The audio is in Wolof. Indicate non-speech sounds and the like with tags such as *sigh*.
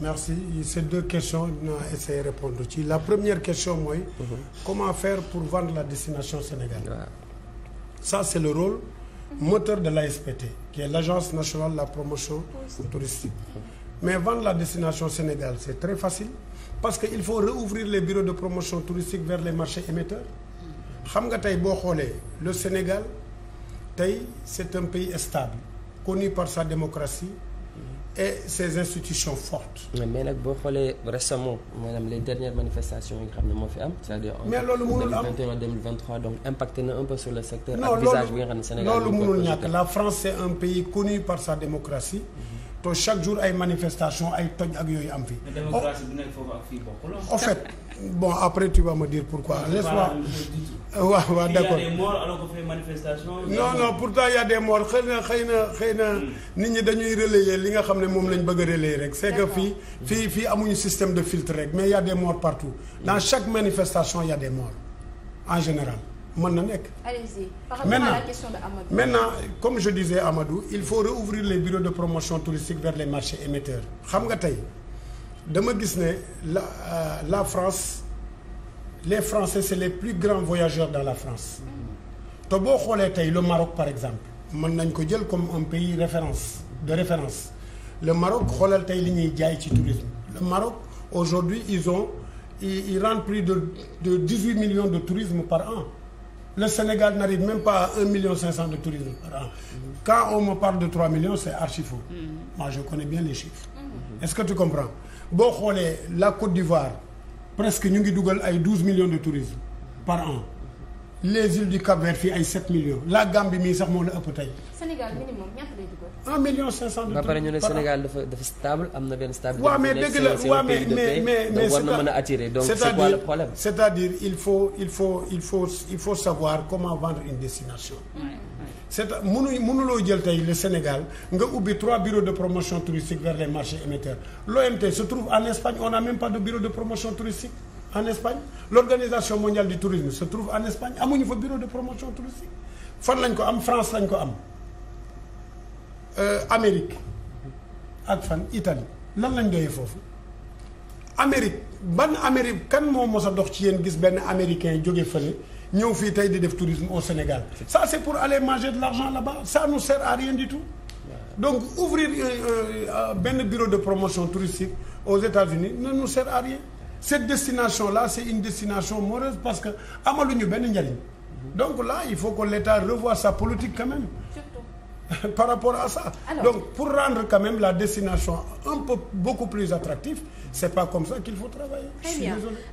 merci ces deux questions dinaa essayer répondre ci la première question mooy. comment faire pour vendre la destination Sénégal. ça c'est le rôle moteur de l'ASPT qui est l'agence nationale de la promotion touristique mais vendre la destination Sénégal c'est très facile parce que il faut réouvrir les bureaux de promotion touristique vers les marchés émetteurs xam nga tey boo xoolee le Sénégal tey c'est un pays stable connu par sa démocratie et ces institutions fortes. mais nag boo xoolee récemment maanaam les dernières manifestations yi nga xam ne moo fi am. c'est-à-dire mais loolu mënul am 2021 2023 donc impacté na un peu sur le secteur. ak visage bi nga xam ne Sénégal loolu mënul ñàkk la France c'est un pays connu par sa démocratie. Mm -hmm. te chaque jour ay manifestation ay toj ak yooyu am fii. démocratie bu nekk foofu ak fii bokkul. en fait bon après tu vas me dire pourquoi. laisse-moi waaw *laughs* d'accord. il pourtant il y xëy na xëy na xëy na hmm. nit ñi dañuy relayer li nga xam ne moom lañ bëgg a relayer rek. c'est que fii fii fii amuñu système de filtre rek mais il y a des morts partout. dans hmm. chaque manifestation il y des morts en général. mën na nekk. allez-y par rapport à la question de Amadou. maintenant comme je disais Amadou il faut réouvrir les bureaux de promotion touristique vers les marchés émetteurs xam nga tey dama gis ne la euh, la France les Français c'est les plus grands voyageurs dans la France mm. te boo xoolee tey le Maroc par exemple mën nañ ko jël comme un pays référence de référence le Maroc xoolal tey li ñuy jaay ci tourisme le Maroc aujourd'hui ils ont ils rendent plus de de dix-huit millions de tourisme par an. le Sénégal n'arrive même pas à 1 million 500 de tourisme par an. Quand on me parle de 3 millions, c'est archi faux. Mm-hmm. Moi, je connais bien les chiffres. Mm-hmm. Est-ce que tu comprends? boo xoolee la Côte d'Ivoire presque ñu ngi dugal ay 12 millions de touristes par an. les îles du Cap-Vert fii ay 7 millions la Gambie mii sax moo la ëpp tey. Sénégal minimum ñaata lay dugal. 1 million 500 ba pare ñu ne Sénégal dafa dafa stable am na benn stabilité. waaw mais c'est quoi le c'est-à-dire il faut il faut il faut savoir comment vendre une destination. c'est mënu mënuloo jël tey le Sénégal nga ubbi trois bureaux de promotion touristique vers les marchés émetteurs l'OMT se trouve en Espagne on n'a même pas de bureau de promotion touristique. en Espagne l'organisation mondiale du tourisme se trouve en Espagne amuñu fa bureau de promotion touristique fan lañ ko am France lañ ko am euh, Amérique ak fan Italie nan lañu doyee foofu Amérique ban Amérique kan moo mos a dox ci yéen gis benn américain jóge fële ñëw fii tey di def tourisme au Sénégal ça c'est pour aller manger de l'argent là-bas ça nous sert à rien donc ouvrir euh, euh, benn bureau de promotion touristique aux États-Unis ne nous sert cette destination là c'est une destination morose parce que amaluñu benn njariñ donc là il faut que l'État revoie sa politique quand même *laughs* par rapport à ça Alors, donc pour rendre quand même la destination un peu beaucoup plus attractive c'est pas comme ça qu'il faut travailler